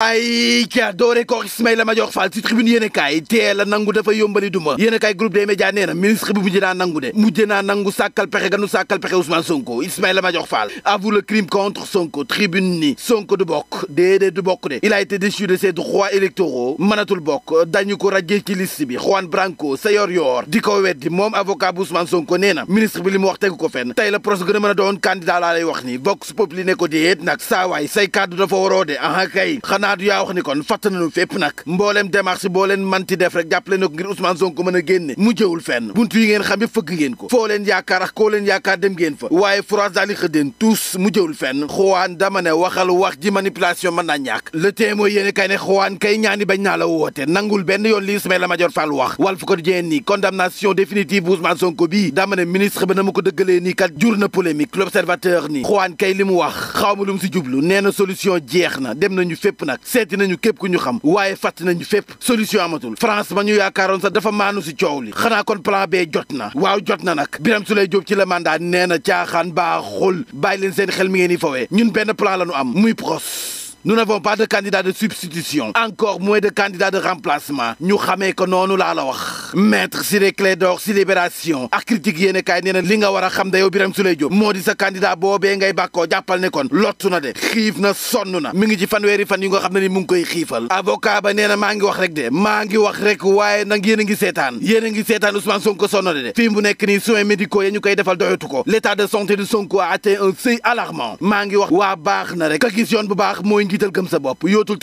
ay ca doore ko Ismaïla Madior Fall ci tribune yéen kaay a nangu dafa yombali duma yéen kaay groupe des médias nee na ministre bi mujj naa nangu de mujj naa nangu sàkkal pexe ganu sàkkal pexe Ousmane Sonko Ismaïla Madior Fall avoue le crime contre Sonko tribune ni Sonko du bokk déedéet du bokk de il a été déchu de ses droits mënatul bokk dañu ko rajjee ci bi Juan Branco sa yor di ko weddi moom avocat bu Ousmane Sonko nee na ministre bi li mu wax tegu ko fenn tey la wax ni Vox Populi ko déet nag saa waay say naadu yaa wax ni kon fatt nañu fépp nag mbooleem démarche boo leen manti def rek jàppale na ko ngir Ousmane Sonko mën a génne mu jëwul fenn buntu yi ngeen xam yëpp fëgg ngeen ko foo leen yaakaar ak koo leen yaakaar dem ngeen fa waaye France daal di xëddeen tous mu jëwul fenn xuwaan dama ne waxal wax ji manipulation mën naa ñàkk le témoin mooy yéene kay ne xuwaan kay ñaani bañ naa la woote nangul benn yoon li Ismaïla Madior Fall wax Walf Quotidien ni condamnation définitive bu Ousmane Sonko bii dama ne ministre ba na ma ko nii kat lu mu si jublu nee na solution na dem nañu fépp nag nag seeti nañu képp ku ñu xam waaye fàtt nañu fépp solution amatul France ma ñu yaakaaroon sax dafa maanu si coow li xanaa kon plan B jot na waaw jot na nag su lay Diop ci lemandaa mandat nee na caaxaan baaxul bàyyi leen seen xel mi ngeen di fawee ñun benn plan la ñu am muy PROS. nu n'avons pas de candidat de substitution encore moins de candidat de remplacement ñu xamee ko noonu laa la wax wax maître Ciré Clédor si libération ak critique yéen kaay li nga war a xam da yow Birame Souleye Diop moo di sa candidat boobee ngay bàkkoo jàppal ne kon na de xiif na sonn na mi ngi ci fanweeri fan yi nga xam ne ni mu ngi koy xiifal avocat ba nee maa ngi wax rek de maa ngi wax rek waaye nag yéen a ngi seetaan yéen a ngi seetaan Ousmane Sonko sonn na de fii mu nekk nii soins médicaux ya ñu koy defal doyatu ko l'état de santé de Sonko a atteint un waa baax na bu baax mooy sa bopp yootul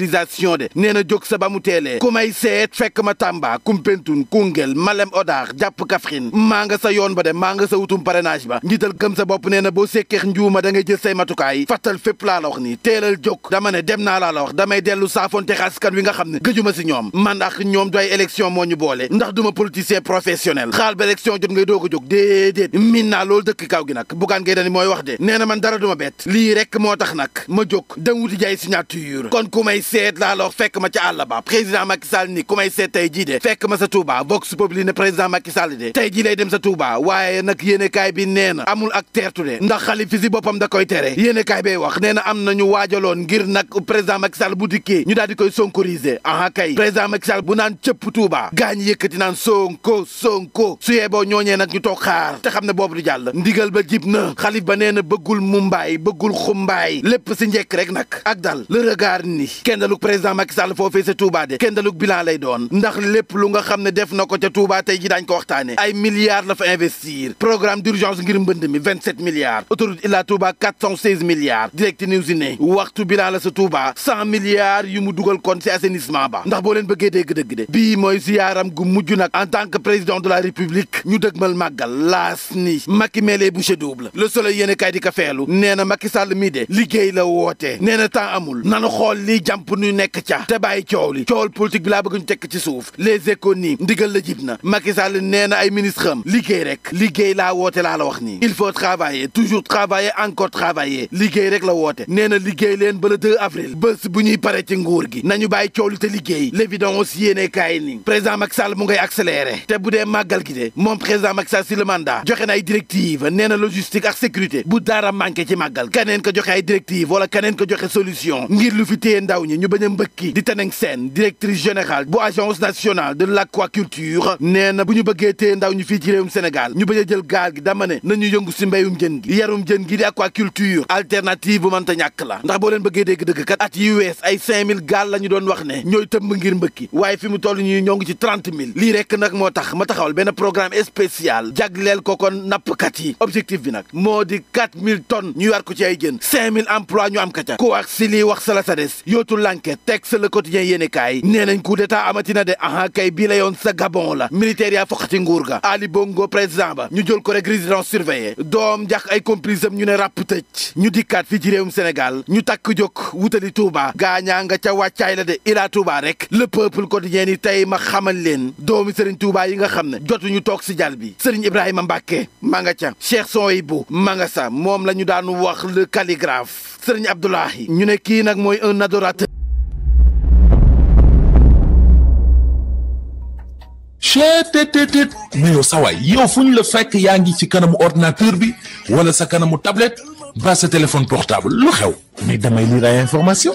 mobilisation de nee na jóg sa ba mu teelee ku may seet fekk ma Tamba Kumpentoun Koungheul Malem Odar jàpp Kaffrine maa nga sa yoon ba de maa nga sa wutum parrainage ba njiital gëm sa bopp nee na boo sekkeex njuuma da ngay jël say matukaay fattal fépp laa la wax ni teelal jóg dama ne dem naa laa la wax damay dellu saafonte askan wi nga xam ne gëjuma si ñoom man ak ñoom doy élection moo ñu boole ndax duma politicien professionnel xaal ba élection jot ngay doo a jóg déedéet min naa loolu dëkk kaw gi nag bugaan ngay dani mooy wax de nee na man dara duma bett lii rek moo tax nag ma jóg dem wuti jaay seet laa lor fekk ma ca àll ba président Macky Sall ni ku may seet tey jii de fekk ma sa Touba Vox Populi ne président Macky Sall de tey jii lay dem sa Touba waaye nag yéenekaay bi nee na amul ak teertu de ndax xalif si boppam da koy tere yéenekaay bey wax nee na am nañu waajaloon ngir nag président Macky Sall bu dikkee ñu daal di koy sonkoriser aha kay président Macky bu naan cëpp Touba gaañ yëkkati naan Sonko Sonko su yeeboo ñooñee nag ñu toog xaar te xam ne boobu du jàll ndigal ba jib na xalif ba nee na bëggul mumbaay bëggul xumbaay lépp si njekk rek nag ak dal kendaluk président Macky Sall foofee sa Touba de kendaluk bilan lay doon ndax lépp lu nga xam ne def na ko ca Touba tey ji daañ ko waxtaane ay milliards la fa investir programme d'urgence ngir mbënd mi 27 milliards autoroute Ila Touba 416 milliards direct news ne waxtu bilan la sa Touba 100 milliards yu mu dugal kon si assainissement ba ndax boo leen bëggee dégg-dëgg de bii mooy ziyaaram gu mujj nag en tant président de la république ñu dëgmal màggal laas ni Macky melee bouchée double le soleil yéen a kaay di ka feelu nee na Macky Sall mii de liggéey la woote nee na temps amul nanu xool lii jàmp ñëpp ñu nekk ca te bàyyi coow li coowal politique bi laa bëgg ñu tekk ci suuf les écoles nii ndigal la jib na Macky Sall nee na ay ministre liggéey rek liggéey laa woote laa la wax nii il faut travailler toujours travailler encore travailler liggéey rek la woote nee na liggéey leen ba le 2 avril bés bu ñuy pare ci nguur gi nañu bàyyi coow li te liggéey l'évidence yéene kaay nii président Macky Sall mu ngay accéléré te bu dee màggal gi de moom président Macky Sall si le mandat ay directive nee na logistique ak bu dara manqué ci màggal kaneen ko joxe ay directive wala kaneen ko joxe solution ngir lu fi téye ndaw ñi ñu bañ a mbëkki di teneng seen directrice général bu agence nationale de l'aquaculture nee na bu ñu bëggee téye ndaw ñu fii ci réewum Sénégal ñu bañ a jël gaal gi dama ne nañu yëngu si mbéyum jën gi yarum jën gi di aquaculture alternative bu mënta ñàkk la ndax boo leen bëggee dégg dëgg kat at yi wees ay gaal la ñu doon wax ne ñooy tëmb ngir mbëkki waaye fi mu toll ñuy ñoo ngi ci 30 000 lii rek nag moo tax ma taxawal benn programme spécial jagleel ko kon nappkat yi objectif bi nag moo di 4000 tonnes ñu war ko ci ay jën emplois ñu am ka ca ko la sa des yootul la l'enquête texte le quotidien yéen kaay nee nañ coup d'état amatina de aha kay la yoon sa gabon la militaire yaa foqati nguur ga Ali Bongo président ba ñu jël ko rek résidence doom jax ay complice ñu ne ràpp tëj ñu dikkaat fii ci Sénégal ñu takk jóg wutali Touba gaañaa nga ca wàccaay la de ilaa Touba rek le peuple quotidien yi tey ma xamal leen doomi Serigne Touba yi nga xam ne jotuñu toog si jal bi Serigne Ibrahima Mbacke ma nga ca Cheikh Souhaïbou ma nga sa moom la ñu daan wax chetttt mais yow sawaay yow fu ñu la fekk yaa ngi ci kanamu ordinateur bi wala sa kanamu tablette ba sa téléphone portable lu xew mais damay lire ay information